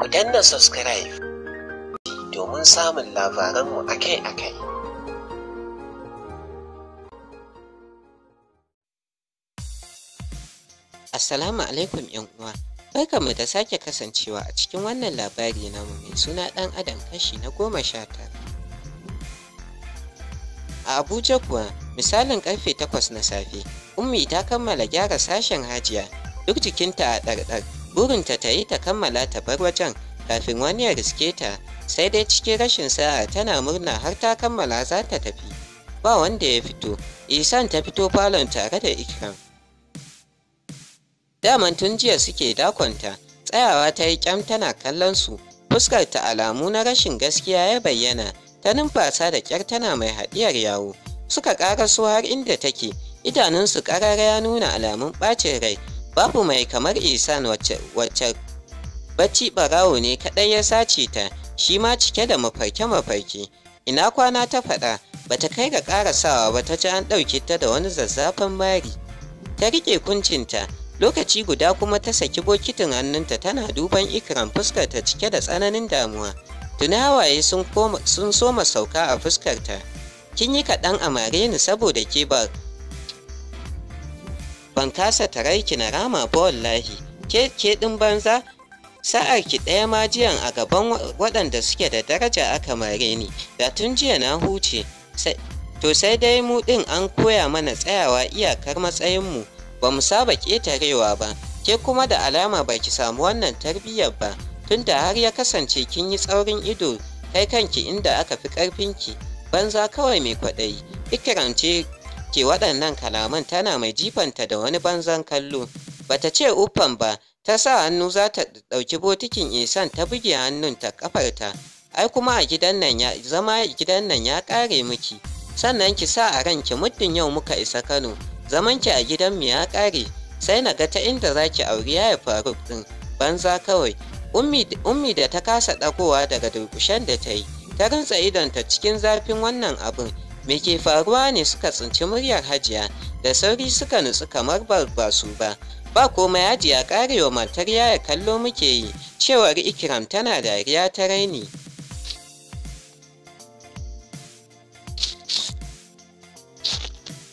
Ku danna subscribe domin samun labaranmu akai-akai. Assalamu alaikum uwa. mu da sake kasancewa a cikin wannan labari namu mai suna ɗan adam kashi na goma sha tara. A Abuja kuwa misalin karfe takwas na safe, Ummi ta kammala gyara sashen hajiya duk jikinta a ɗarɗar burinta ta yi ta kammala ta bar wajen kafin wani ya riske ta sai dai cikin rashin sa'a tana murna har ta kammala za ta tafi ba wanda ya fito isan ta fito falon tare da ikram daman tun jiya suke dakonta tsayawa ta yi kyam tana kallon su fuskar ta alamu na rashin gaskiya ya bayyana ta numfasa da kyar tana mai haɗiyar yawo suka ƙaraso har inda take idanunsu ƙarara ya nuna alamun ɓacin rai babu mai kamar isan wacce bacci barawo ne kaɗai ya sace ta shi ma cike da mafarke-mafarke ina kwana ta faɗa bata kai ga ƙarasawa ba ta ci an ɗauki ta da wani zazzafan mari ta riƙe kuncinta lokaci guda kuma ta saki bokitin hannunta tana duban ikram fuskarta cike da tsananin damuwa tuna hawaye sun soma sauka a fuskarta kin yi kaɗan a mare ni saboda ke ba ban kasa tarai na rama ba wallahi ke ke din banza sa'ar ki ɗaya ma jiyan a gaban waɗanda suke da daraja aka mare ni da tun jiya na huce to sai dai mu ɗin an koya mana tsayawa iyakar matsayinmu ba mu saba ƙetarewa ba ke kuma da alama ba ki samu wannan tarbiyyar ba tunda har ya kasance kin yi tsaurin ido kai kanki inda aka fi ƙarfinki banza kawai mai kwaɗayi ikirance ke waɗannan kalaman tana mai jifanta da wani banzan kallo bata ce uffan ba ta sa hannu za ta ɗauki botikin isan ta buge hannun ta ƙafarta ai kuma a gidan nan ya zama gidan nan ya ƙare miki sannan ki sa a ranki muddin yau muka isa kano Zaman ki a gidan mu ya ƙare sai na ga ta inda za ki auri yaya faruk ɗin banza kawai ummi da ta kasa ɗagowa daga durƙushen da ta yi ta rantsa idonta cikin zafin wannan abin me ke faruwa ne suka tsinci muryar hajiya da sauri suka nutsu kamar ba su ba ba komai hajiya ƙarewa matar yaya kallo muke yi cewar ikiram tana dariya ta raini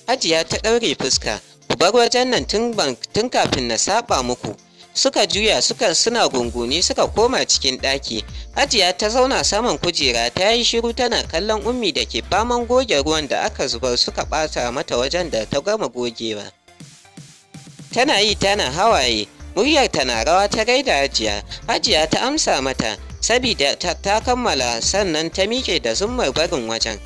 hajiya ta ɗaure fuska ku bar wajen nan tun kafin na saba muku suka juya suka suna gunguni suka koma cikin ɗaki Ajiya ta zauna saman kujera ta yi shiru tana kallon ummi da ke faman goge ruwan da aka zubar suka ɓata mata wajen da ta gama gogewa tana yi tana hawaye muryar na rawa ta gaida hajiya Ajiya ta amsa mata sabida ta kammala sannan ta miƙe da zummar barin wajen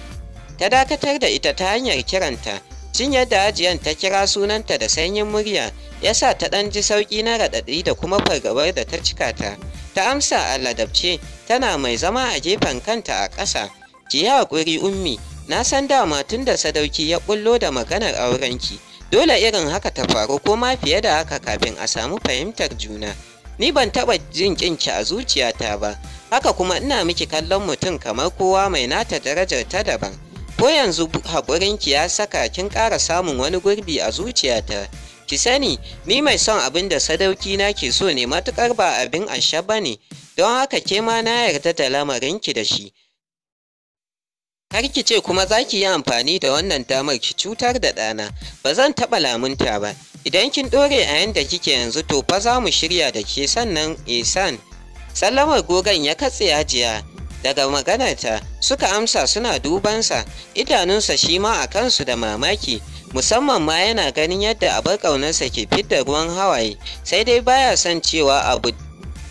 ta dakatar da ita ta hanyar kiranta Jin yadda ajiyan ta kira sunanta da sanyin murya ya sa ta ɗan ji sauƙi na raɗaɗi da kuma fargabar da ta cika ta. Ta amsa a ladabce tana mai zama a gefen kanta a ƙasa. Ki yi haƙuri ummi, na san dama tun da sadauki ya ƙullo da maganar aurenki. Dole irin haka ta faru ko ma fiye da haka kafin a samu fahimtar juna. Ni ban taɓa jin ki a zuciyata ba, haka kuma ina miki kallon mutum kamar kowa mai nata darajar ta daban. ko yanzu haƙurinki ya saka kin ƙara samun wani gurbi a zuciyata ki sani ni mai son abin da sadauki na ke so ne matuƙar ba abin asha ba ne don haka ke ma na yarda da ki da shi har ki ce kuma za ki yi amfani da wannan damar ki cutar da ɗana ba zan taɓa lamunta ba idan kin ɗore a yanda kike yanzu to fa za mu shirya da ke sannan isan eh, sallamar gogon ya katse ajiya daga maganarta suka amsa suna dubansa idanunsa shi ma a kansu da mamaki musamman ma yana ganin yadda abar ƙaunarsa ke fidda ruwan hawaye sai dai baya son cewa abu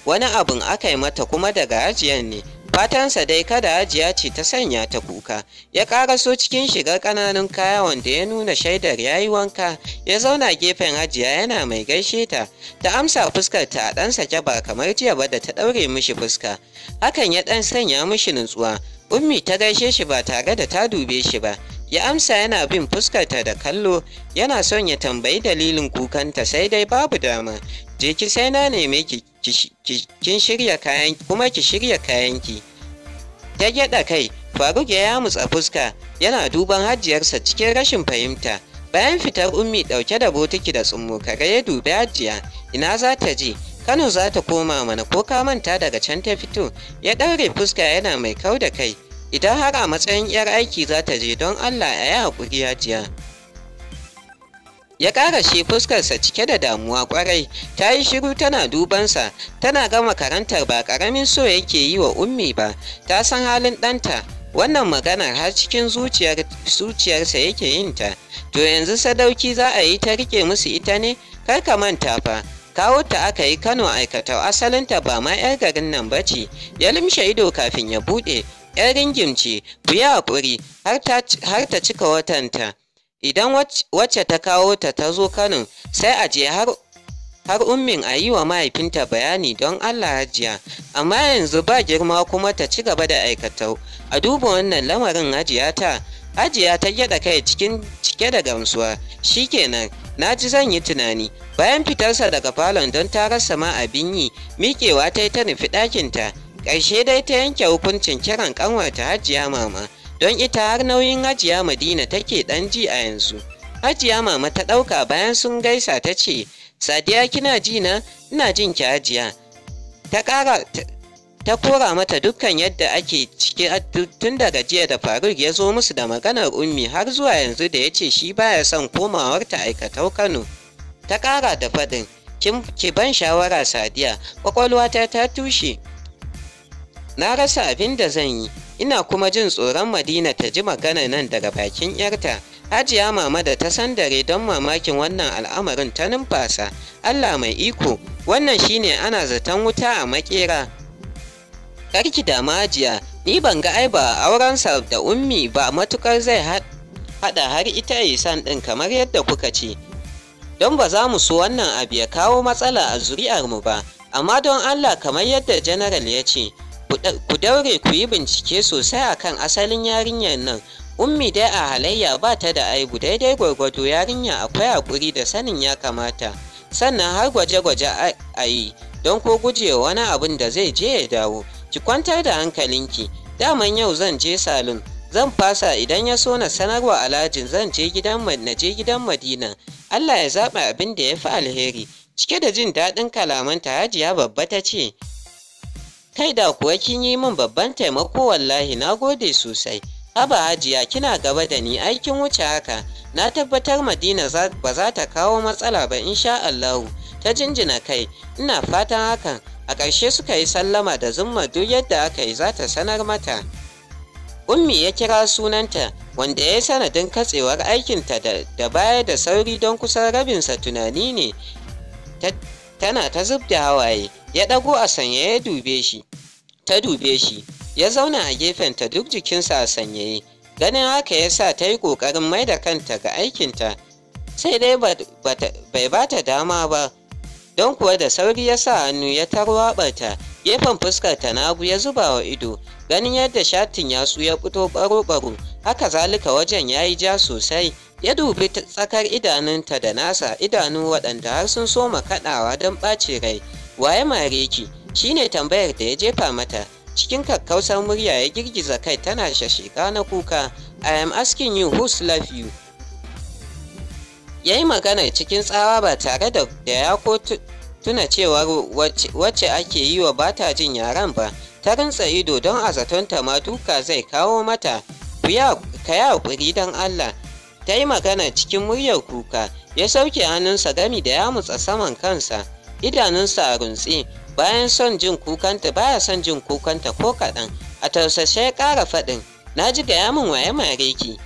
wani abin aka yi mata kuma daga ajiyar ne fatansa dai kada hajiya ce ta sanya ta kuka ya karaso cikin shigar ƙananun kaya wanda ya nuna shaidar ya yi wanka ya zauna gefen hajiya yana mai gaishe ta ta amsa fuskar ta a ɗansa jaba kamar jiya ba da ta ɗaure mishi fuska hakan ya ɗan sanya mishi nutsuwa ummi ta gaishe shi ba tare da ta dube shi ba ya amsa yana bin fuskarta da kallo yana son ya tambayi dalilin kukanta sai dai babu dama je ki sai na neme ki kin shirya kayan kuma ki shirya kayanki ta gyada kai faruk ya yamutsa fuska yana duban hajiyarsa cikin rashin fahimta bayan fitar ummi ɗauke da botiki da kare ya dubi hajiya ina za ta je kano za ta koma mana ko ka manta daga can ta fito ya ɗaure fuska yana mai kau da kai idan har a matsayin 'yar aiki za ta je don allah a yi haƙuri hajiya ya shi fuskarsa cike da damuwa kwarai ta yi shiru tana dubansa tana gama karantar ba ƙaramin so yake yi wa ummi ba ta san halin ɗanta wannan maganar har cikin zuciyarsa yake yin ta to yanzu sadauki za a yi ta rike musu ita ne kar ka manta fa kawo ta aka yi kano aikata asalinta ba ma 'yar garin nan ba ce ya limshe ido kafin ya buɗe 'yar ringimci ku yi haƙuri har ta cika watanta idan wacce ta kawo ta ta zo kanin sai a je har har ummin a yi wa mahaifinta bayani don Allah hajiya amma yanzu ba girma kuma ta ci gaba da aikatau a duba wannan lamarin hajiya ta hajiya ta gyada kai cikin cike da gamsuwa Shi kenan, na ji zan yi tunani bayan fitarsa daga falon don ta rasa ma abin yi miƙewa ta yi ta nufi ɗakinta ƙarshe dai ta yanke hukuncin kiran ƙanwarta hajiya mama don ita har nauyin hajiya madina take ɗan ji a yanzu hajiya mama ta ɗauka bayan sun gaisa ta ce sadiya kina ji na ina jin ki hajiya ta kara ta kora mata dukkan yadda ake ciki tun daga jiya da faruk ya zo musu da maganar ummi har zuwa yanzu da ya ce shi baya son komawar ta aikatau kano ta ƙara da faɗin ki ban shawara sadiya ƙwaƙwalwata ta tushe na rasa abin da zan yi ina kuma jin tsoron madina ta ji magana nan daga bakin yarta hajiya mama da ta san dare don mamakin wannan al'amarin ta numfasa allah mai iko wannan shine ana zaton wuta a makera karki da majiya ni ban ga ai ba aurensa da ummi ba matukar zai haɗa har ita isan ɗin kamar yadda kuka ce don ba za mu so wannan abu ya kawo matsala a zuri'armu ba amma don allah kamar yadda general ya ce ku daure ku yi bincike sosai akan asalin yarinyar nan ummi dai a halayya ba ta da aibu daidai gwargwado yarinya akwai haƙuri da sanin ya kamata sannan har gwaje-gwaje a yi don ko gujewa wani abin da zai je ya dawo ki kwantar da hankalinki daman yau zan je salon zan fasa idan ya so na sanarwa alhajin zan je gidan na je gidan madina allah ya zaɓa abin da ya fi alheri cike da jin daɗin kalamanta hajiya babba ta ce kai da kuwa kin yi min babban taimako wallahi na gode sosai haba hajiya kina gaba da ni aikin wuce haka na tabbatar madina ba za ta kawo matsala ba insha allahu ta jinjina kai ina fatan hakan a ƙarshe suka yi sallama da zumma duk yadda aka yi za ta sanar mata ummi ya kira sunanta wanda ya yi sanadin katsewar aikinta da baya da sauri don kusan rabinsa tunani ne tana ta zub da hawaye ya ɗago a sanya ya dube shi ta dube shi ya zauna a gefen ta duk jikinsa a sanyaye ganin haka ya sa ta yi ƙoƙarin mai da kanta ga aikinta sai dai bai ba ta dama ba don kuwa da sauri ya sa hannu ya tarwaɓarta gefen fuskarta na abu ya zuba wa ido ganin yadda shatin yatsu ya fito baro-baro haka zalika wajen ya yi ja sosai ya dubi tsakar idanunta da nasa idanu waɗanda har sun soma kaɗawa don ɓace rai waye mare ki Shi ne tambayar da ya jefa mata cikin kakkausar murya ya girgiza kai tana shashika na kuka i am asking you who's love you ya yi magana cikin tsawa ba tare da ya ko tuna cewa wacce ake yi wa bata jin yaran ba ta rintsa ido don a zatonta ma duka zai kawo mata ka yi haƙuri don allah ta yi magana cikin muryar kuka ya sauke hannunsa gami da ya mutsa saman kansa idanunsa a runtse bayan son jin kukanta baya son jin kukanta ko kaɗan a tausashe ya ƙara faɗin na ji gaya min waye mare ki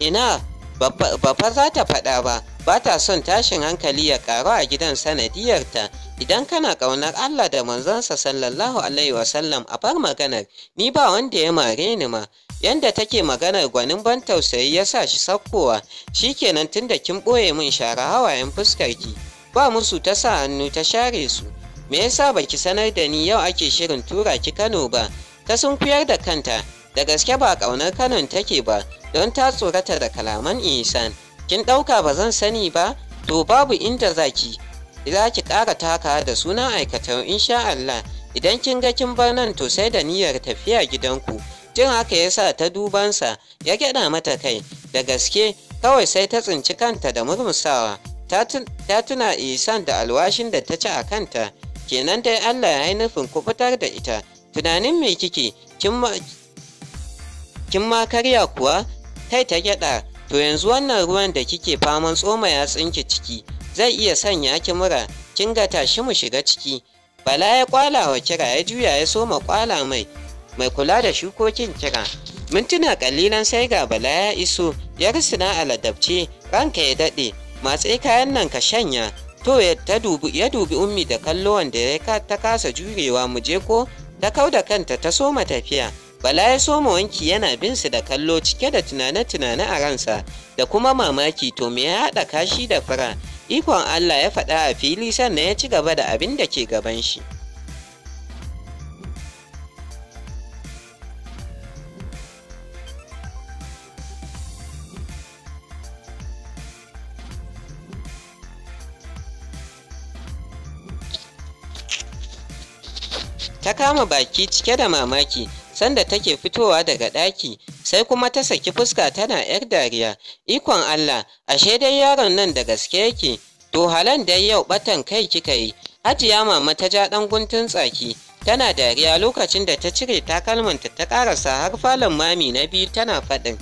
ina ba fa za ta faɗa ba ba ta son tashin hankali ya ƙaru a gidan sanadiyar ta. idan kana ƙaunar Allah da manzansa sallallahu alaihi wasallam a bar maganar ni ba wanda ya mare ni ma yanda take maganar gwanin ban tausayi ya sa shi sakkowa shikenan tunda kin ɓoye min shara hawayen fuskarki ba musu ta sa hannu ta share su me yasa baki sanar da ni yau ake shirin tura ki Kano ba ta sunkuyar da kanta da gaske ba ƙaunar Kanon take ba don ta tsorata da kalaman Ihsan kin ɗauka ba zan sani ba to babu inda zaki za ki ƙara taka da sunan aikatau insha Allah idan kin ga kin bar nan to sai da niyyar tafiya gidanku jin haka ya sa ta dubansa ya gyaɗa mata kai da gaske kawai sai ta tsinci kanta da murmusawa ta tuna isan da alwashin da ta ci a kanta kenan dai Allah ya yi nufin ku fitar da ita tunanin me kike kin ma karya kuwa kai ta gyaɗa. to yanzu wannan ruwan da kike faman tsoma ya tsinki ciki zai iya sanya ki mura kin ga tashi mu shiga ciki bala ya kwala wa kira ya juya ya soma kwala mai mai kula da shukokin kira mintuna ƙalilan sai ga bala ya iso ya risina a ladabce ranka ya daɗe matsayi kayan nan ka shanya To ya dubi ummi da kallon da ya ta kasa jurewa mu je ko ta kau da kanta ta soma tafiya. Bala ya soma wanki yana bin su da kallo cike da tunane-tunane a ransa da kuma mamaki to me ya haɗa kashi da fura. Ikon Allah ya faɗa a fili sannan ya ci gaba da abin da ke gaban shi. ta kama baki cike da mamaki sanda take fitowa daga ɗaki sai kuma ta saki fuska tana 'yar dariya ikon Allah ashe dai yaron nan da gaske yake to halan dai yau batan kai kika yi hajiya mama ta ja ɗan guntun tsaki tana dariya lokacin da ta cire takalmanta ta sa har falon mami na biyu tana faɗin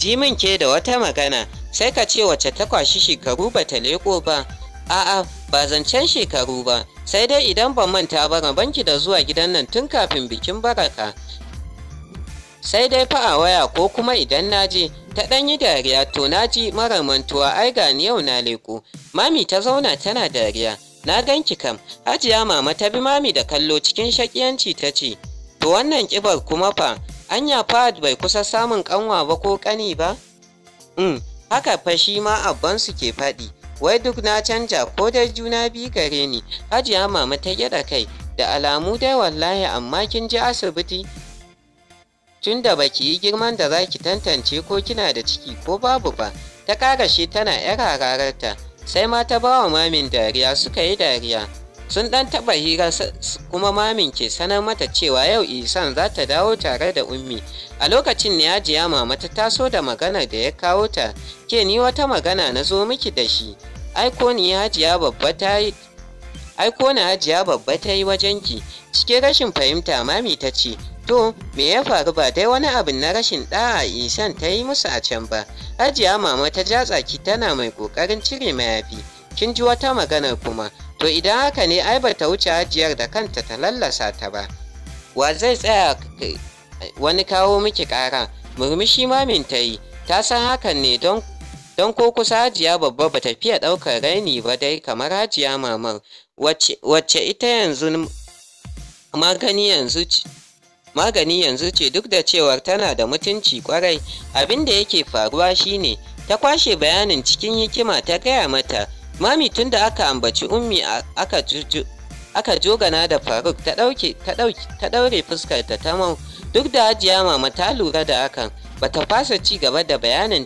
ji min ke da wata magana sai ka ce wacce ta kwashi shekaru bata leƙo ba A'a, ba zancen shekaru ba, sai dai idan ban manta ba banki da zuwa gidan nan tun kafin bikin baraka. Sai dai fa a waya ko kuma idan na je, ta ɗan yi dariya to na ji mara mantuwa ai ni yau na leƙo. Mami ta zauna tana dariya, na ganki kam, hajiya mama ta bi mami da kallo cikin shakiyanci ta ce, to wannan ƙibar kuma fa, anya Fahad bai kusa samun ƙanwa ba ko ƙani ba? Um, haka fa shi ma abbansu ke faɗi. wai duk na canja ko dai juna biyu gare ni hajiya mama ta gyaɗa kai da alamu dai wallahi amma kin je asibiti tun da baki yi girman da za ki tantance ko kina da ciki ko babu ba ta shi tana 'yar ta sai ma ta ba wa mamin dariya suka yi dariya sun dan taba hira kuma mamin ke sanar mata cewa yau isan za ta dawo tare da ummi a lokacin ne ajiya mama ta taso da maganar da ya kawo ta ke ni wata magana na zo miki da shi aiko ni hajiya babba ta yi aiko babba ta yi wajenki cikin rashin fahimta mami ta ce to me ya faru ba dai wani abin na rashin ɗa'a isan ta yi musu a can ba Ajiya mama ta jatsaki tana mai ƙoƙarin cire mayafi kin ji wata maganar kuma to idan haka ne ai bata wuce hajiyar da kanta ta lallasa ta ba wa zai tsaya wani kawo miki ƙara murmushi mamin ta yi ta san hakan ne don ko kusa hajiya babba ba ta fiye ɗaukar raini ba dai kamar hajiya mamar wacce ita yanzu magani yanzu magani yanzu ce duk da cewar tana da mutunci kwarai abin da yake faruwa shine ta kwashe bayanin cikin hikima ta gaya mata Mami tun da aka ambaci ummi aka juju aka jogana da Faruk ta ɗauke ta ɗaure fuskar ta mau duk da hajiya mama ta lura da hakan bata fasa ci gaba da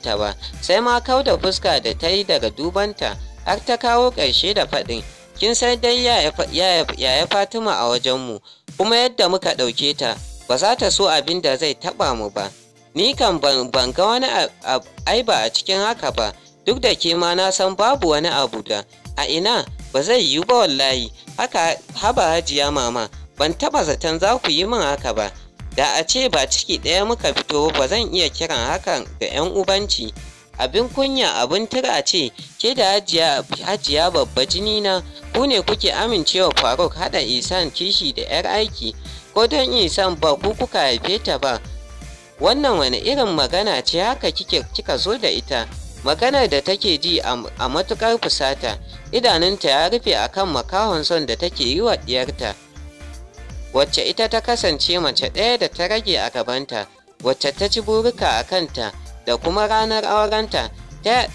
ta ba sai ma kau da fuska da ta yi daga dubanta har ta kawo ƙarshe da faɗin kin san dai yaya Fatima a wajenmu kuma yadda muka ɗauke ta ba za ta so abin da zai taɓa mu ba ni kan ban ga wani ai ba a cikin haka ba duk da ke ma na san babu wani abu da a ina ba zai yiwu ba wallahi haka haba hajiya mama ban taba zaton za ku yi min haka ba da a ce ba ciki ɗaya muka fito ba zan iya kiran hakan ga 'yan ubanci abin kunya abin tura ce ke da hajiya babba jini na ku ne kuke amincewa faruk hada isan kishi da 'yar aiki ko don isan ba ku kuka haife ta ba wannan wani irin magana ce haka kika zo da ita maganar da take ji a matukar fusata idanunta ya rufe a kan makahon son da take yi wa ɗiyarta wacce ita ta kasance mace ɗaya da ta rage a gabanta wacce ta ci burika a kanta da kuma ranar aurenta ta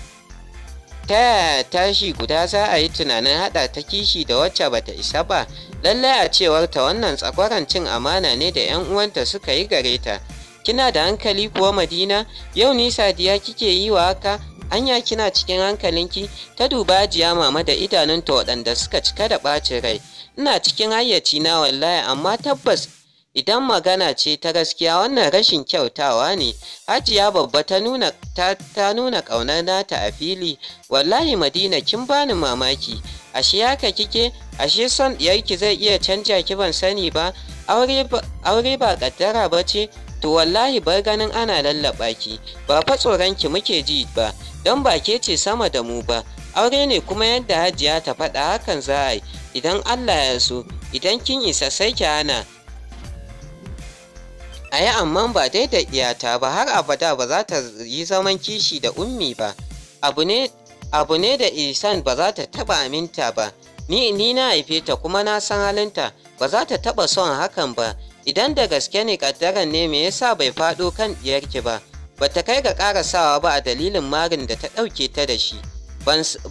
ta tashi guda za a yi tunanin haɗa ta kishi da wacce bata isa ba lallai a cewar ta wannan tsakwaran cin amana ne da 'yan uwanta suka yi gare ta kina da hankali kuwa madina yau ni sadiya kike yi wa haka anya kina cikin hankalinki ta duba jiya mama da idanunta waɗanda suka cika da ɓacin rai ina cikin hayyaci na wallahi amma tabbas idan magana ce ta gaskiya wannan rashin kyautawa ne hajiya babba ta nuna ta, nuna ƙaunar nata a fili wallahi madina kin bani mamaki ashe haka kike ashe son ɗiyarki zai iya canja ki ban sani ba aure ba ƙaddara ba ce to wallahi bar ganin ana lallaɓa ki ba fa tsoron ki muke ji ba don ba ke ce sama da mu ba aure ne kuma yadda hajiya ta faɗa hakan za a yi idan allah ya so idan kin isa sai ki hana a yi amma ba dai da iyata ba har abada ba za ta yi zaman kishi da ummi ba abu ne da isan ba za ta taɓa aminta ba ni, ni na haife ta kuma na san halinta ba za ta taɓa son hakan ba idan da gaske ne kaddaran ne me yasa bai faɗo kan ki ba bata kai ga sawa ba a dalilin marin da ta ɗauke ta da shi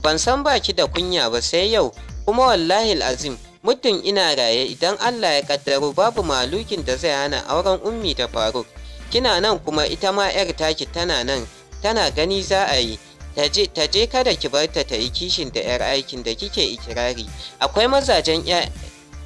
ban san baki da kunya ba sai yau kuma wallahi azim muddin ina raye idan Allah ya kaddaro babu malukin da zai hana auren ummi da faruk kina nan kuma ita ma yar taki tana nan tana gani za a yi ta je kada ki bar ta ta yi kishin da yar aikin da kike ikirari akwai mazajen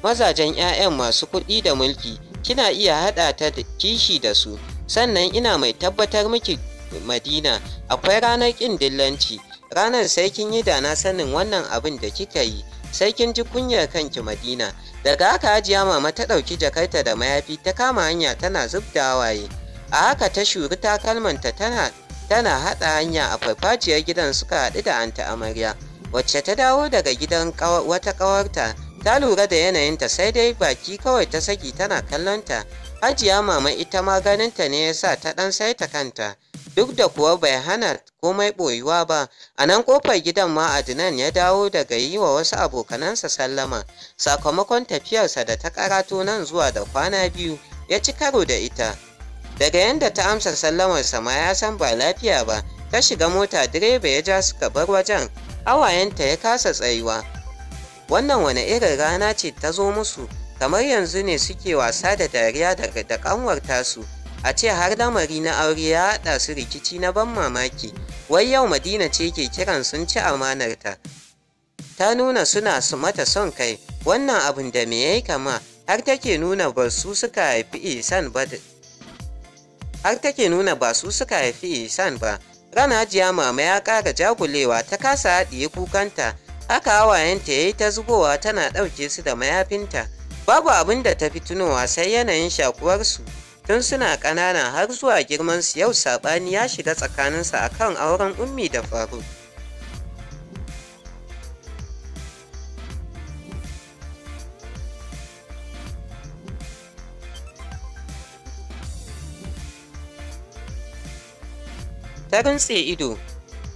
mazajen 'ya'yan masu kuɗi da mulki kina iya haɗa ta kishi da su sannan ina mai tabbatar miki madina akwai ranar ƙin dillanci ranar sai kin yi da na sanin wannan abin da kika yi sai kin ji kunyar kanki madina daga haka hajiya mama ta ɗauki jakarta da mayafi ta kama hanya tana zub da hawaye a haka ta shuri takalmanta tana tana haɗa hanya a farfajiyar gidan suka haɗu da anta amarya wacce ta dawo daga gidan wata ƙawarta ta lura da yanayinta sai dai baki kawai ta saki tana kallonta hajiya mama ita ma ganinta ne ya sa ta ɗan saita kanta duk da kuwa bai hana komai ɓoyuwa ba a nan ƙofar gidan ma adnan ya dawo daga yi wa wasu abokanansa sallama sakamakon tafiyarsa da ta karatu nan zuwa da kwana biyu ya ci karo da ita daga yadda ta amsa sallamar sa ma ya san ba lafiya ba ta shiga mota direba ya ja suka bar wajen hawayenta ya kasa tsayuwa wannan wani irin rana ce ta zo musu kamar yanzu ne suke wasa da dariya da kanwar tasu a ce har lamari na aure ya haɗa su rikici na ban mamaki wai yau madina ce ke kiran sun ci amanarta ta nuna suna su mata son kai wannan abin da me yayi kama har take nuna ba su suka haifi isan ba har take nuna ba su suka haifi isan ba rana jiya mama ya ƙara jagulewa ta kasa haɗiye kukanta haka hawayenta ya yi ta zubowa tana ɗauke su da mayafinta babu abin da ta fi tunowa sai yanayin shakuwarsu tun suna ƙanana har zuwa girmansu yau saɓani ya shiga tsakaninsa a kan auren ummi da Faru. ta rintse ido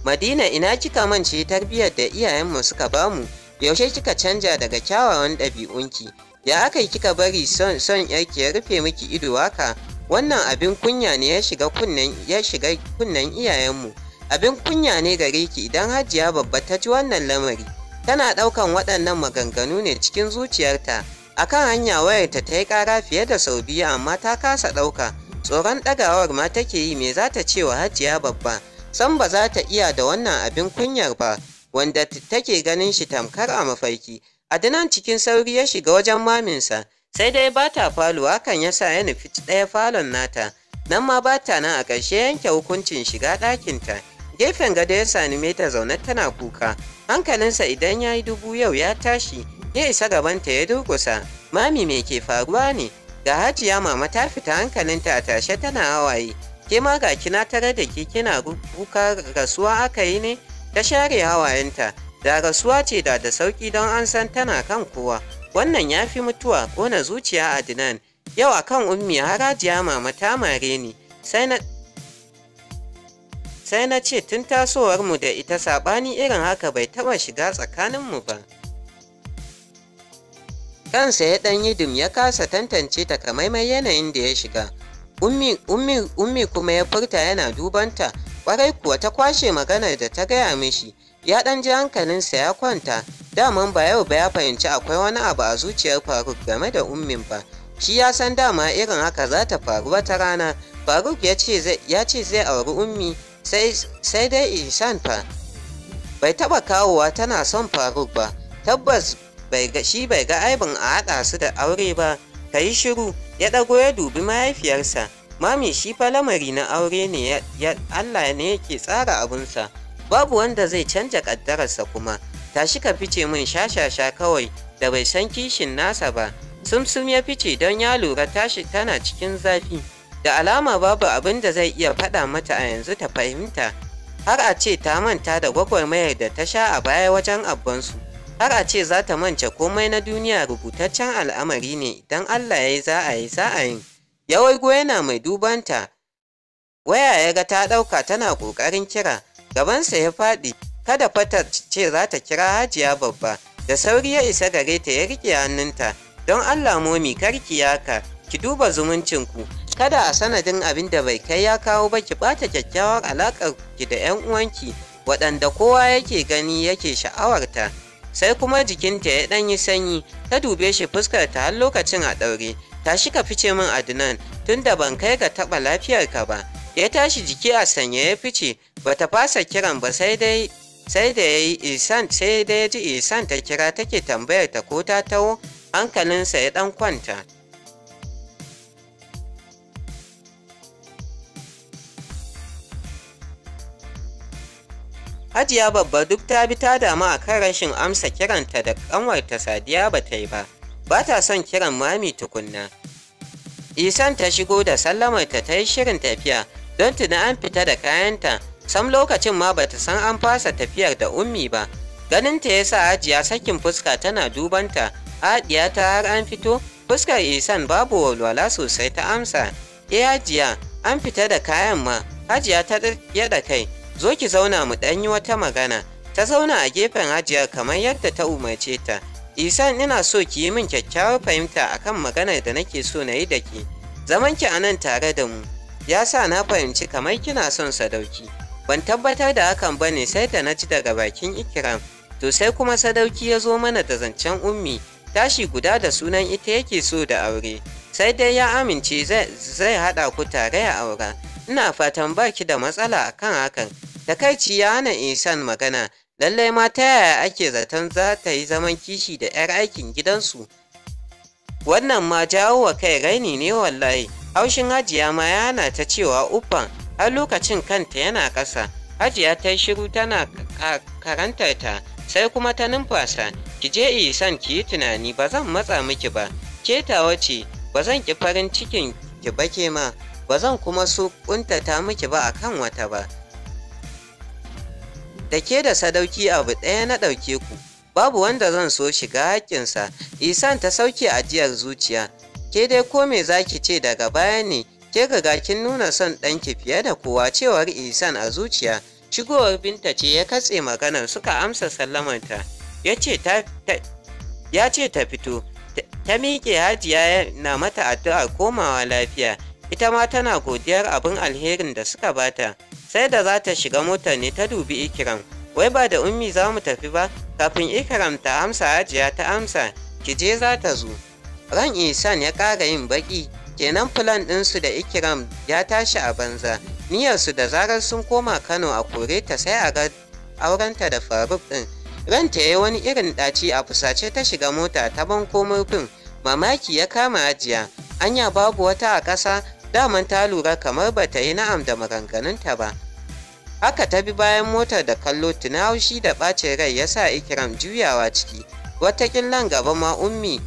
Madina ina kika mance tarbiyyar da iyayenmu suka bamu, yaushe kika canja daga kyawawan ɗabi'unki, ya aka yi kika bari son son yarki ya rufe miki ido haka, wannan abin kunya ne ya shiga kunnen ya shiga kunnen iyayenmu. Abin kunya ne gare ki idan Hajiya babba ta ji wannan lamari. Tana ɗaukan waɗannan maganganu ne cikin zuciyarta, akan hanya wayarta ta yi ƙara fiye da sau biyu amma ta kasa ɗauka. Tsoron ɗagawar ma take yi me za ta ce wa Hajiya babba. san ba za ta iya da wannan abin kunyar ba wanda take ganin shi tamkar a mafarki Adnan cikin sauri ya shiga wajen maminsa sai dai ba ta falo hakan ya sa ya nufi ɗaya falon nata nan ma ba ta nan a ƙarshe yanke hukuncin shiga ɗakinta gefen gado ya sani ta zaune tana kuka hankalinsa idan ya yi dubu yau ya tashi ya isa gabanta ya durƙusa mami me ke faruwa ne ga hajiya mama ta fita hankalinta a tashe tana hawaye ke ma ga kina tare da ke kina kuka rasuwa aka yi ne ta share hawayenta da rasuwa ce da da sauki don an san tana kan kowa wannan ya fi mutuwa kona zuciya a dinan yau a kan ummi harajiya mama ta mare ni sai na ce tun tasowarmu da ita saɓani irin haka bai taɓa shiga tsakaninmu ba kansa ya ɗan yi dum ya kasa tantance ta kamaimai yanayin da ya shiga ummi kuma ya furta yana dubanta kwarai kuwa ta kwashe maganar da ta gaya mishi ya ɗan ji hankalinsa ya kwanta Dama ba yau ba ya fahimci akwai wani abu a zuciyar faruk game da ummin ba shi ya san dama irin haka za ta faru wata rana faruk ya ce zai auri ummi sai dai ihsan fa bai taɓa kawowa tana son faruk ba tabbas shi bai ga aibin a haɗa su da aure ba ka yi shiru ya ɗago ya dubi mahaifiyarsa mami shi fa lamari na aure ne ya Allah ne yake tsara abunsa babu wanda zai canja ƙaddararsa kuma tashi ka fice min shashasha kawai da bai san kishin nasa ba sumsum ya fice don ya lura tashi tana cikin zafi da alama babu abin da zai iya faɗa mata a yanzu ta fahimta har a ce ta manta da gwagwarmayar da ta sha a baya wajen abbansu har a ce za ta manta komai na duniya rubutaccen al'amari ne idan Allah ya yi za a yi za a yi. Ya goya yana mai dubanta, waya ya ga ta ɗauka tana ƙoƙarin kira, gabansa ya faɗi, kada fata ce za ta kira hajiya babba, da sauri ya isa gare ta ya riƙe hannunta, don Allah momi karki yaka, ki duba zumuncin ku. kada a sanadin abin da bai kai ya kawo ba ki ɓata kyakkyawar alaƙar ki da 'yan uwanki waɗanda kowa yake gani yake sha'awarta. sai kuma jikinta ya ɗanyi sanyi ta dube shi fuskar ta har lokacin a ɗaure ta shi ka fice min adunan tun da ban kai ka taɓa lafiyar ka ba ya tashi jiki a sanya ya fice bata fasa kiran ba sai dai sai da ya yi isan sai da ya ji isan ta kira take tambayar ta ko ta taho hankalinsa ya ɗan kwanta Hajiya babba duk ta bi ta damu a kan rashin amsa kiranta da ƙanwarta Sadiya ba ta yi ba, ba ta son kiran mami tukunna. Isan ta shigo da sallamar ta yi shirin tafiya don tuna an fita da kayanta, sam lokacin ma ba ta san an fasa tafiyar da ummi ba. Ganinta ya sa Hajiya sakin fuska tana dubanta, haɗiya ta har an fito, fuskar Isan babu walwala sosai ta amsa. E Hajiya, an fita da kayan ma, Hajiya ta da kai, zo ki zauna mu ɗan yi wata magana ta zauna a gefen hajiya kamar yadda ta umarce ta isan ina so ki yi min kyakkyawar fahimta akan maganar da nake so na yi da ke zaman ki a nan tare da mu ya sa na fahimci kamar kina son sadauki ban tabbatar da hakan ba ne sai da na ci daga bakin ikiram to sai kuma sadauki ya zo mana da zancen ummi tashi guda da sunan ita yake so da aure sai dai ya amince zai haɗa ku tare a aura ina fatan baki da matsala kan hakan takaici ya hana isan magana lallai ma ta yaya ake zaton za ta yi zaman kishi da 'yar aikin gidansu wannan ma jawo wa kai raini ne wallahi haushin hajiya ma yana ta cewa uffan har lokacin kanta yana ƙasa hajiya ta yi shiru tana karantar ta sai kuma ta numfasa ki je isan ki yi tunani ba zan matsa miki ba ketawa ce ba zan ki farin cikin ki ba ma ba zan kuma so ƙuntata miki ba akan wata ba da ke da sadauki abu ɗaya na ɗauke ku babu wanda zan so shiga haƙƙinsa isan ta sauke ajiyar zuciya ke dai ko me zaki ce daga baya ne ke ga kin nuna son ɗanki fiye da kowa cewar isan a zuciya shigowar binta ce ya katse maganar suka amsa sallamanta ya ce ta fito ta miƙe hajiya na mata addu'a komawa lafiya ita ma tana godiyar abin alherin da suka bata sai da za ta shiga mota ne ta dubi ikiram wai ba da ummi za mu tafi ba kafin ikiram ta amsa ajiya ta amsa ki je za ta zo ran isan ya ƙara yin baƙi kenan fulan ɗinsu da ikiram ya tashi a banza su da zarar sun koma kano a kore ta sai a ga aurenta da faruk ɗin ranta ya wani irin ɗaci a fusace ta shiga mota ta banko murfin mamaki ya kama ajiya anya babu wata a ƙasa daman ta lura kamar ba ta yi na'am da maganganunta ba haka ta bi bayan motar da kallo tuna haushi da ɓacin rai ya sa ikiram juyawa ciki nan gaba ma ummi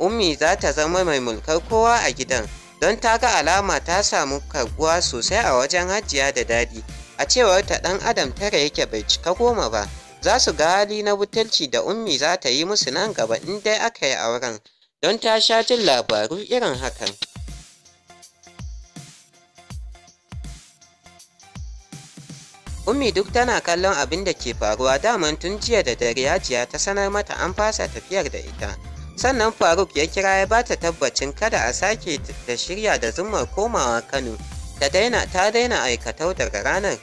ummi za ta zama mai mulkar kowa a gidan don ta ga alama ta samu karbuwa sosai a wajen hajiya da daɗi a cewar ta ɗan adam tara yake bai cika goma ba za su ga hali na butulci da ummi za ta yi musu nan gaba in dai aka yi auren don ta sha jin labaru irin hakan Ummi duk tana kallon abin da ke faruwa daman tun jiya da dare Hajiya ta sanar mata an fasa tafiyar da ita. Sannan Faruk ya kira ya ba ta tabbacin kada a sake da shirya da zumar komawa Kano. Ta daina ta daina aikatau daga ranar.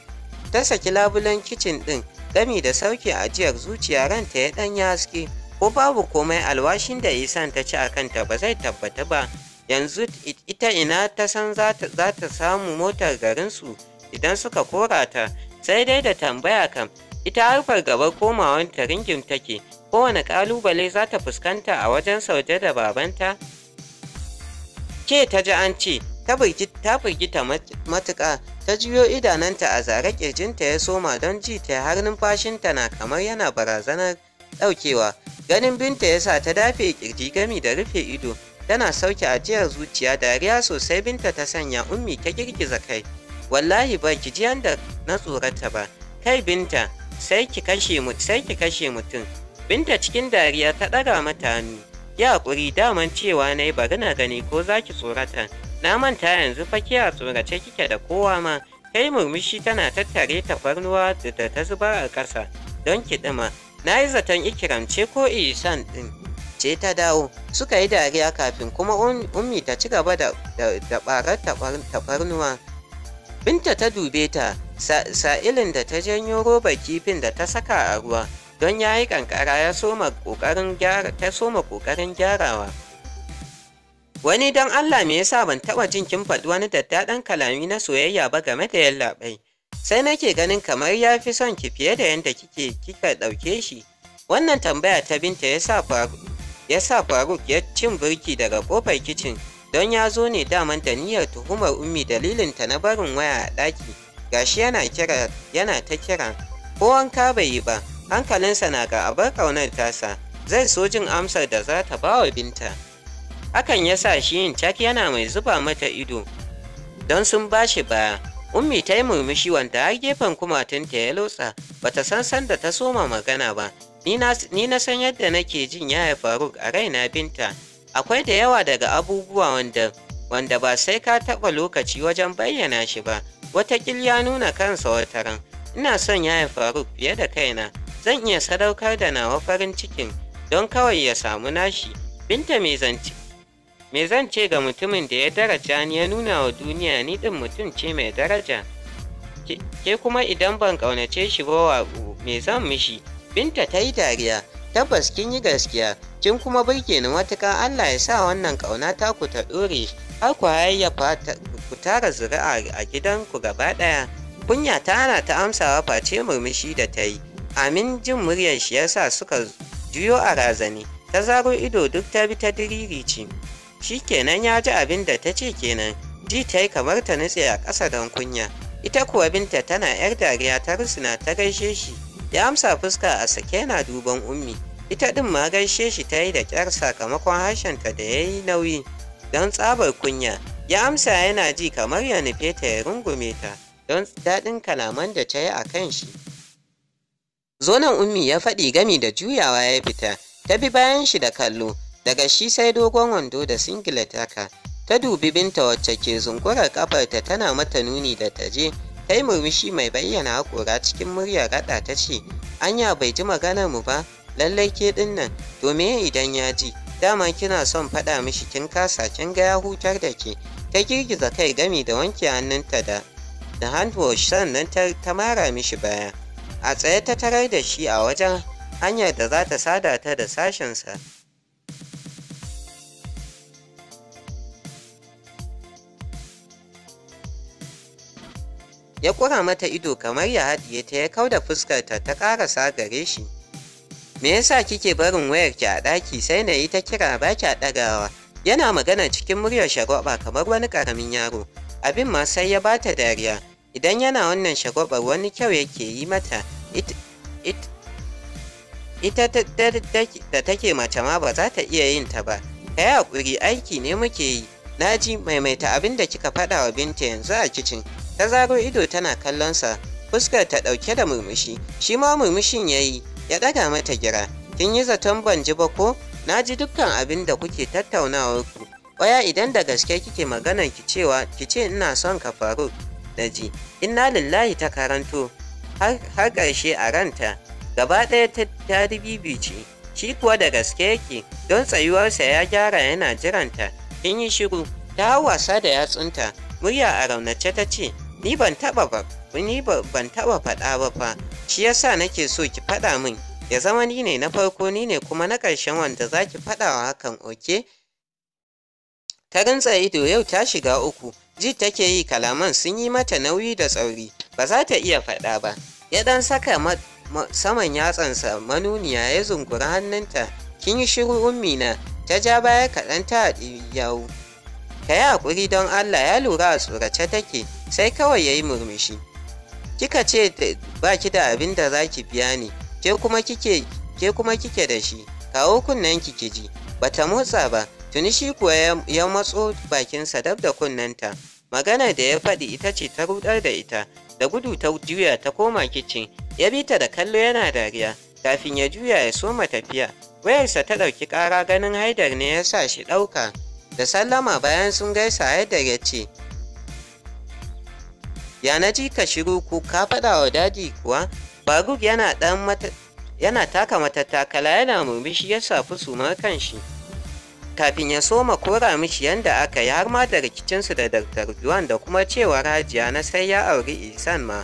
Ta saki labulen kicin ɗin gami da sauke ajiyar zuciya ranta ya ɗan haske. Ko babu komai alwashin da Isan ta ci a kanta ba zai tabbata ba. Yanzu ita ina ta san za ta samu motar garinsu idan suka kora ta sai dai da tambaya kam ita harfar gaba komawan ta ringin take kowane ƙalubale za ta fuskanta a wajen sauje da babanta ke ta ji an ce ta firgita matuƙa ta juyo idananta a zare kirjinta ya soma don ji ta har numfashinta na kamar yana barazanar ɗaukewa ganin binta ya sa ta dafe kirji gami da rufe ido tana sauke ajiyar zuciya dariya sosai binta ta sanya ummi ta girgiza kai wallahi ba ki ji yanda na tsorata ba kai binta sai ki kashe mu sai ki kashe mutum binta cikin dariya ta ɗaga mata hannu ya haƙuri daman cewa na yi bari na gani ko za ki tsorata na manta yanzu fa kiya tsorace kike da kowa ma kai murmushi tana tattare tafarnuwa da ta zuba a ƙasa don ki ɗuma na yi zaton ikiramce ko isan ɗin ce ta dawo suka yi dariya kafin kuma um, ummi ta ci gaba da ɓarar tafarnuwa binta ta dube ta sa'ilin da ta janyo robar kifin da ta saka a ruwa don ya yi kankara ya soma ƙoƙarin gyarawa wani don allah me yasa ban taɓa jin kin faɗi wani daddaɗan kalami na soyayya ba game da yallaɓai sai nake ganin kamar ya fi son ki fiye da yadda kike kika ɗauke shi wannan tambaya ta binta ya sa faruk ya cin birki daga kofar kicin don ya zo ne daman da niyyar tuhumar ummi dalilinta na barin waya a ɗaki gashi yana kira yana ta kiran ko wanka bai yi ba hankalinsa na ga abar ƙaunar tasa zai so jin amsar da za ta ba wa binta hakan ya sa shi yin cak yana mai zuba mata ido don sun ba shi baya ummi ta yi murmushi wanda har gefen kumatunta ya lotsa ta san sanda ta soma magana ba ni na san yadda nake jin yaya faruk a raina binta akwai da yawa daga abubuwa wanda wanda ba sai ka taɓa lokaci wajen bayyana shi ba Wataƙil ya nuna kansa wataran, ina son yayin Faruk fiye da kaina, zan iya sadaukar da nawa farin cikin don kawai ya samu nashi. Binta mai zance me zan ce ga mutumin da ya daraja ni ya nuna wa duniya ni din mutum ce mai daraja ke kuma idan ban ƙaunace shi ba wa me zan mishi binta ta yi dariya tabbas kin yi gaskiya kin kuma birge ni matuƙa allah ya sa wannan ƙauna taku ta ɗore har ku hayayyafa ku tara zuri'a a gidan ku gaba ɗaya kunya ta hana ta amsawa face murmushi da ta yi amin jin muryar shi yasa suka juyo a razani ta zaro ido duk ta bi ta diririci kenan ya ji abin da ta ce kenan ji ta yi kamar ta nutse a ƙasa don kunya ita kuwa binta tana yar dariya ta rusuna ta gaishe shi ya amsa fuska a sake na duban ummi ita din ma gaishe shi ta yi da ƙyar sakamakon harshenta da ya yi nauyi don tsabar kunya ya amsa yana ji kamar ya nufe ta ya rungume ta don daɗin kalaman da ta yi a kan shi zonan ummi ya faɗi gami da juyawa ya fita ta bi bayan shi da kallo daga shi sai dogon wando da singlet haka ta dubi binta wacce ke zungurar kafarta tana mata nuni da ta je ta yi murmushi mai bayyana hakora cikin murya raɗa ta ce anya bai ji maganar mu ba lallai ke ɗin nan to me idan ya ji dama kina son faɗa mishi kin kasa kin ga ya hutar da ke ta girgiza kai gami da wanke hannunta da da wash sannan ta mara mishi baya a tsaye ta tarar da shi a wajen hanyar da za ta sada ta da sashensa ya ƙura mata ido kamar ya haɗiye ta ya kau da fuskarta ta ƙarasa gare shi me yasa kike barin wayarki a ɗaki sai na yi ta kira ba a ɗagawa yana magana cikin muryar shagwaba kamar wani ƙaramin yaro abin ma sai ya bata dariya idan yana wannan shagwabar wani kyau yake yi mata ita da take mace ma ba za ta iya yin ta ba ka yi haƙuri aiki ne muke yi na ji maimaita abin da kika faɗa wa binta yanzu a kicin ta zaro ido tana kallonsa fuskar ta ɗauke da murmushi shi ma murmushin ya yi ya ɗaga mata gira kin yi zaton ban ji ba ko na ji dukkan abin da kuke tattaunawa ku waya idan da gaske kike magana ki cewa ki ce ina son ka faru na ji inna lillahi ta karanto har ƙarshe a ranta gaba ɗaya ta ce. shi kuwa da gaske yake don tsayuwarsa ya gyara yana jiranta kin yi shiru ta hau wasa da yatsunta murya a raunace ta ce ni ban taɓa faɗa ba fa shi yasa nake so ki faɗa min ya zama ni ne na farko ni ne kuma na ƙarshen wanda za ki wa hakan oke ta rintsa ido yau ta shiga uku ji take yi kalaman sun yi mata nauyi da tsauri ba za ta iya faɗa ba ya ɗan saka saman yatsansa manuniya ya zungura hannunta kin yi shiru ummina ta ja baya kaɗan ta Yawo, ka yi haƙuri don allah ya lura a tsorace take sai kawai ya yi murmushi kika ce ba ki da abin da za ki biya ni ke kuma kike da shi kawo kunnen ki ki ji bata motsa ba tuni shi kuwa ya matso bakin sa dab da kunnenta magana da ya faɗi ita ce ta rudar da ita da gudu ta juya ta koma kicin ya bi ta da kallo yana dariya kafin ya juya ya soma tafiya wayarsa ta ɗauki ƙara ganin haidar ne ya sa shi ɗauka da sallama bayan sun gaisa haidar ya ce ya na ji ka shiru ku ka faɗa wa daji kuwa faruk yana yana taka matattakala yana murmushi ya safi sumar kanshi kafin ya soma kora mishi yadda aka yi har ma da rikicinsu da Dr. Juan da kuma cewa rajiya na sai ya auri Isan ma.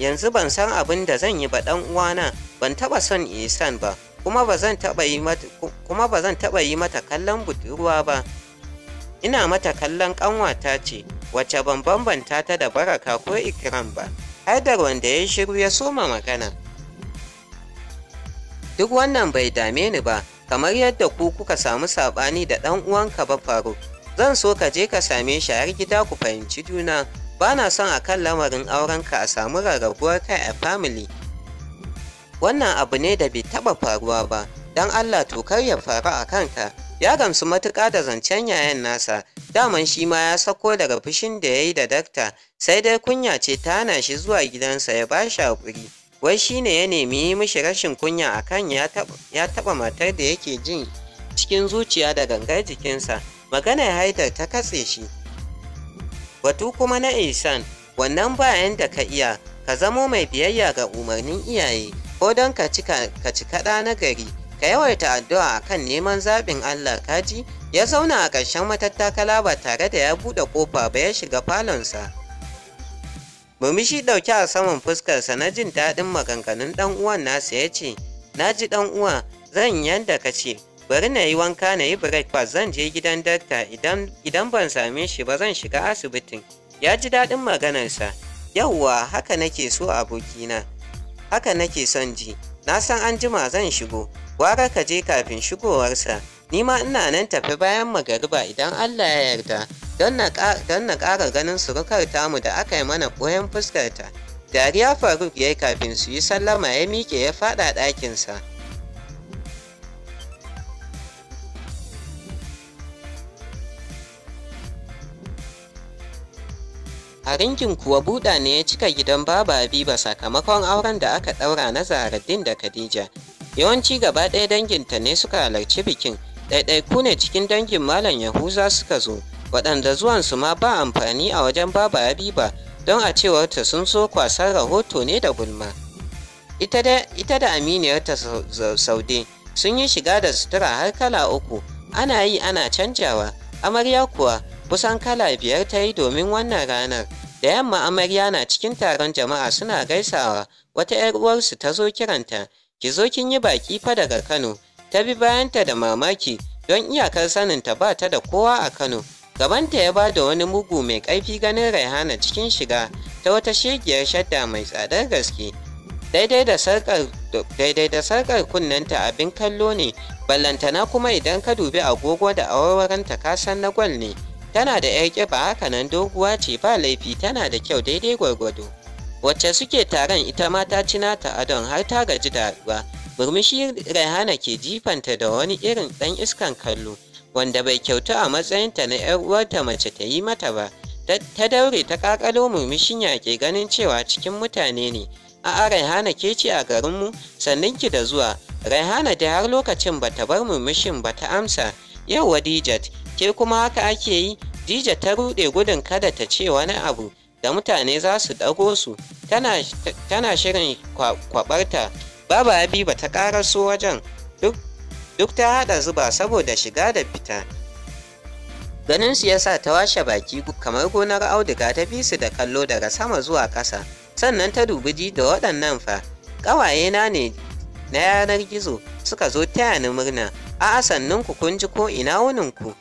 Yanzu ban san abin da zan yi ba ɗan uwana ban taɓa son Isan ba kuma ba zan taɓa yi mata kallon budurwa ba. Ina mata kallon ƙanwata ce wacce ban bambanta ta da baraka ko ikiran ba haidar wanda ya shiru ya soma magana duk wannan bai dame ni ba kamar yadda ku kuka samu saɓani da ɗan uwanka ba faru, zan so ka je ka same shi har gida ku fahimci juna ba na son a kan lamarin ka a samu rarrabuwar kai a family wannan abu ne da bai taɓa faruwa ba don allah to kar ya faru a kanka ya gamsu matuƙa da zancen yayan nasa daman shi ma ya sako daga fushin da ya yi da dakta sai dai kunya ce ta hana shi zuwa gidansa ya ba shi haƙuri wai shine ya nemi yi mishi rashin kunya akan ya taɓa matar da yake jin cikin zuciya da gangar jikinsa maganar haidar ta katse shi batu kuma na insan wannan bayan da ka iya ka zamo mai biyayya ga umarnin iyaye ko don ka ci kaɗa na gari ka yawaita addu'a akan neman zaɓin allah ka ji? ya zauna a ƙarshen matattakala ba tare da ya buɗe ƙofa ba ya shiga falonsa murmushi ɗauke a saman fuskarsa na jin daɗin maganganun ɗan uwan nasa ya ce na ji ɗan uwa zan yanda ka ce bari na yi wanka na yi breakfast zan je gidan dakta idan ban same shi ba zan shiga asibitin ya ji daɗin maganarsa yauwa haka nake so abokina haka nake son ji na san an jima zan shigo gwara ka je kafin shigowarsa ni ma ina nan tafi bayan magariba idan Allah ya yarda don na ƙara ganin surukar tamu da aka yi mana fuskar fuskarta. Dariya Faruk ya yi kafin su yi sallama ya miƙe ya faɗa ɗakinsa. A ringin kuwa buɗa ne ya cika gidan Baba Habiba sakamakon auren da aka ɗaura na Zaharaddin da Khadija. Yawanci gaba ɗaya danginta ne suka halarci bikin. ɗaiɗaiku ne cikin dangin Malam Yahuza suka zo, waɗanda zuwansu ma ba amfani a wajen Baba Habiba don a cewar ta sun so kwasar rahoto ne da gulma. Ita da aminiyarta Saude sun yi shiga da sutura har kala uku, ana yi ana canjawa, amarya kuwa kusan kala biyar ta yi domin wannan ranar. Da yamma amarya na cikin taron jama'a suna gaisawa, wata 'yar uwarsu ta zo kiranta, ki zo kin yi baƙi fa daga Kano, ta bi bayanta da mamaki don iyakar saninta ba ta da kowa a Kano. Gabanta ya ba da wani mugu mai ƙaifi ganin Raihana cikin shiga ta wata shegiyar shadda mai tsadar gaske. Daidai da sarƙar kunnanta kunnenta abin kallo ne, ballantana kuma idan ka dubi agogo da awarwaranta kasan na gwal ne. Tana da ‘yar ƙiba haka nan doguwa ce ba laifi tana da kyau daidai gwargwado. Wacce suke taron ita ma ta ci nata adon har ta gaji da haɗuwa. Murmushi Raihana ke jifanta da wani irin ɗan iskan kallo, wanda bai kyauta a matsayinta na 'yar uwarta mace ta yi mata ba. Ta daure ta kakalo murmushin ke ganin cewa cikin mutane ne. A'a Raihana ke ce a garinmu, sannan ki da zuwa. Raihana da har lokacin ba ta bar murmushin ba ta amsa. Yauwa Dijat, ke kuma haka ake yi? Dijat ta ruɗe gudun kada ta ce wani abu da mutane za su ɗago su. Tana, shirin kwaɓarta Baba Habiba ta su wajen duk ta haɗa zuba saboda shiga da fita. Ganinsu ya sa ta washe baki kamar gonar auduga ta bi su da kallo daga sama zuwa ƙasa, sannan ta dubi ji da waɗannan fa. Ƙawaye na ne na yanar gizo suka zo taya ni murna, a sannan ku kun ji ko ina wuninku.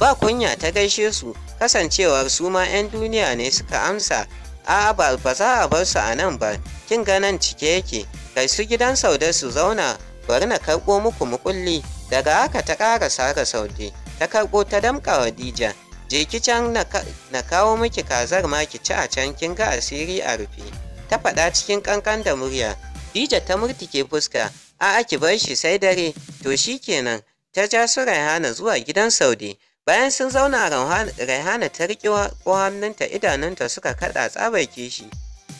Ba kunya ta gaishe su, kasancewar su ma 'yan duniya ne suka amsa, a'a ba za a bar su a nan ba, kin ganan cike yake. kai su gidan saude su zauna bari na karɓo muku mukulli daga haka ta ƙara sara saude ta karɓo ta damƙa wa dija je ki can na kawo miki kazar ma ki ci a can kin ga asiri a rufe ta faɗa cikin ƙanƙan da murya dija ta murtike fuska a'a ki bar shi sai dare to shi kenan ta ja su raihana zuwa gidan saude bayan sun zauna raihana ta riƙe hannunta idanunta suka kaɗa tsabar kishi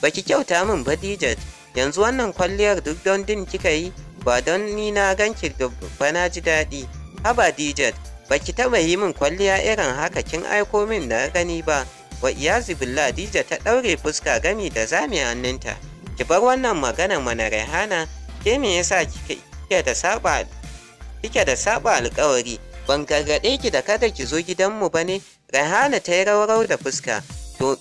baki kyauta min ba dija yanzu wannan kwalliyar duk don din kika yi ba don ni na ganki ba na ji daɗi haba dijet ba ki taɓa yi min kwalliya irin haka kin aiko min na gani ba wa iyazu billah dijet ta ɗaure fuska gami da zame hannunta ki bar wannan maganar mana rehana ke me yasa kike da saba kike da saba alƙawari ban gargaɗe ki da kada ki zo gidanmu ba ne rehana ta yi rawarau da fuska to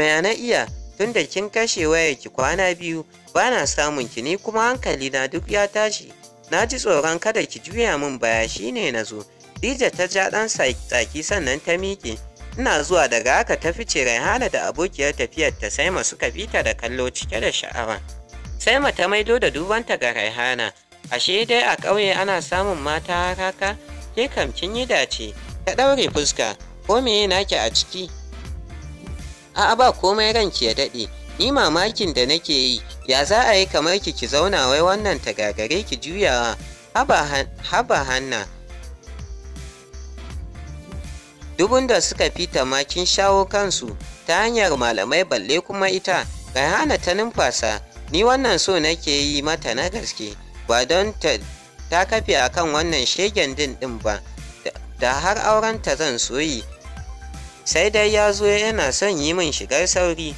ya na iya tun da kin kashe waya ki kwana biyu ba na samun ki ni kuma hankali na duk ya tashi na ji tsoron kada ki juya min baya shine na zo dija ta ja ɗan tsaki sannan ta miƙe ina zuwa daga haka ta fice raihana da abokiyar tafiyar ta saima suka bi da kallo cike da sha'awa saima ta maido da dubanta ga raihana ashe dai a ƙauye ana samun mata haka ke kam kin yi dace ta ɗaure fuska ko meye nake a ciki a'a ba komai ranki ya daɗe ni mamakin da nake yi ya za a yi kamar ki ki zauna wai wannan ta gagare ki juyawa haba hanna dubun da suka fi ma kin shawo kansu ta hanyar malamai balle kuma ita hana ta numfasa ni wannan so nake yi mata na gaske ba don ta, ta kafe akan wannan shegen din din ba da har auren ta zan soyi sai dai ya zo yana son yi min shigar sauri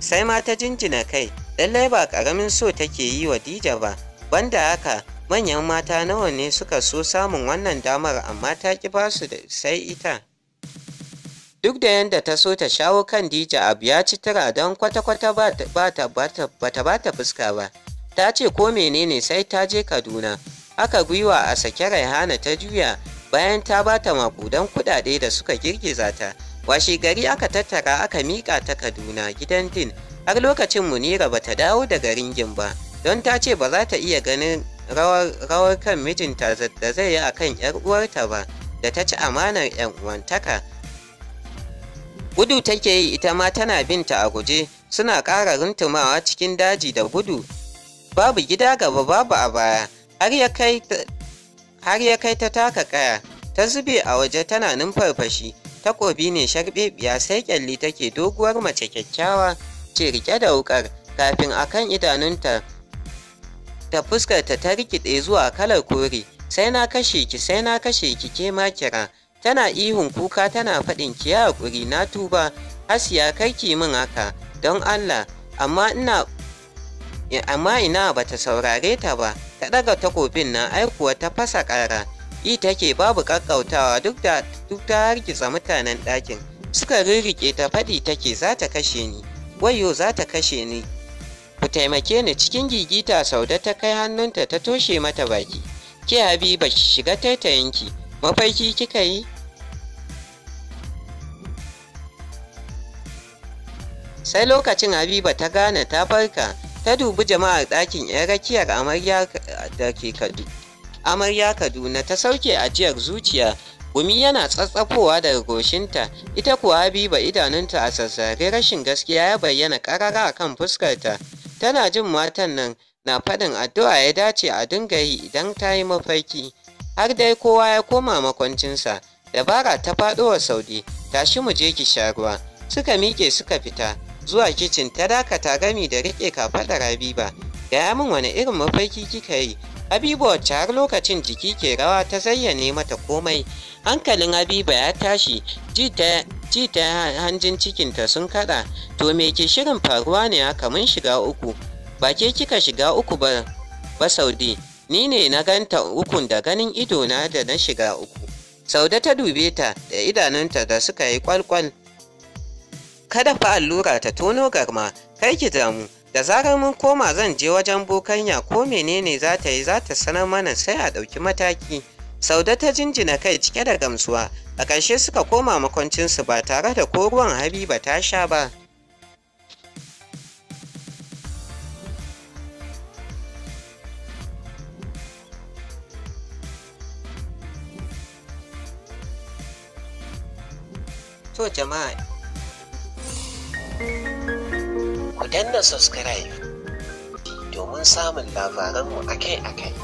sai ma ta jinjina kai lallai ba ƙaramin so take yi wa dija ba banda haka manyan mata nawa ne suka so samun wannan damar amma ta ƙi ba su sai ita duk da yadda ta so ta shawo kan dija abu ya ci tira don kwata-kwata ba ta ba ta fuska ba ta ce ko menene sai ta je kaduna aka gwiwa a sake raihana ta juya bayan ta ba ta makudan kuɗaɗe da suka girgiza ta washe gari aka tattara aka miƙa ta kaduna gidan din har lokacin munira ba ta dawo daga ringin ba don ta ce ba za ta iya ganin rawar kan mijinta da zai yi a kan uwarta ba da ta ci amanar 'yan uwantaka gudu take yi ita ma tana binta a guje suna ƙara runtumawa cikin daji da gudu babu gida gaba babu a baya har ya kai har ya kai ta taka kaya ta zube a waje tana numfarfashi takobi ne sharbebiya sai kyalli take doguwar mace kyakkyawa ce rike da wukar kafin a kan idanunta ta fuskarta ta ta rikide zuwa kalar kore sai na kashe ki sai na kashe ki ke ma kira tana ihun kuka tana faɗin ki ya hakuri na tuba hasiya karki min haka don allah amma ina amma ina bata saurare ta ba ta ɗaga takobin nan aikuwa ta fasa ƙara yi take babu ƙaƙƙautawa duk da duk ta hargitsa mutanen ɗakin suka rirriƙe ta faɗi take za ta kashe ni wayo za ta kashe ni ku taimake ni cikin gigita sauda ta kai hannunta ta toshe mata baki ke habiba shiga taitayinki mafaiki kika yi sai lokacin habiba ta gane ta farka ta dubi jama'ar ɗakin 'yan rakiyar amarya da kaduna ta sauke ajiyar zuciya gumi yana tsatsafowa daga goshinta ita kuwa habiba idanunta a sassare rashin gaskiya ya bayyana karara a kan fuskarta tana jin matan nan na faɗin addu'a ya dace a dinga yi idan ta yi mafarki har dai kowa ya koma makwancinsa dabara ta faɗowa saudi tashi mu je ki sha ruwa suka miƙe suka fita zuwa kicin ta dakata gami da riƙe kafaɗar Habiba. Gaya min wani irin mafarki kika yi, Habiba wacce har lokacin jiki ke rawa ta zayyane mata komai. Hankalin Habiba ya tashi, ji ta ji hanjin cikinta sun kaɗa, to me ke shirin faruwa ne haka mun shiga uku. Ba ke kika shiga uku ba, ba Saudi, ni ne na ganta ukun da ganin idona da na shiga uku. Saude ta dube ta da idanunta da suka yi kwalkwal kada fa allura ta tono garma kai ki damu da zarar mun koma zan je wajen bokanya ko menene za ta yi za ta sanar mana sai a ɗauki mataki sauda ta jinjina kai cike da gamsuwa a ƙarshe suka koma makwancinsu ba tare da ko ruwan habiba ta sha ba to jama'a ku danna subscribe domin samun labaranmu akai-akai.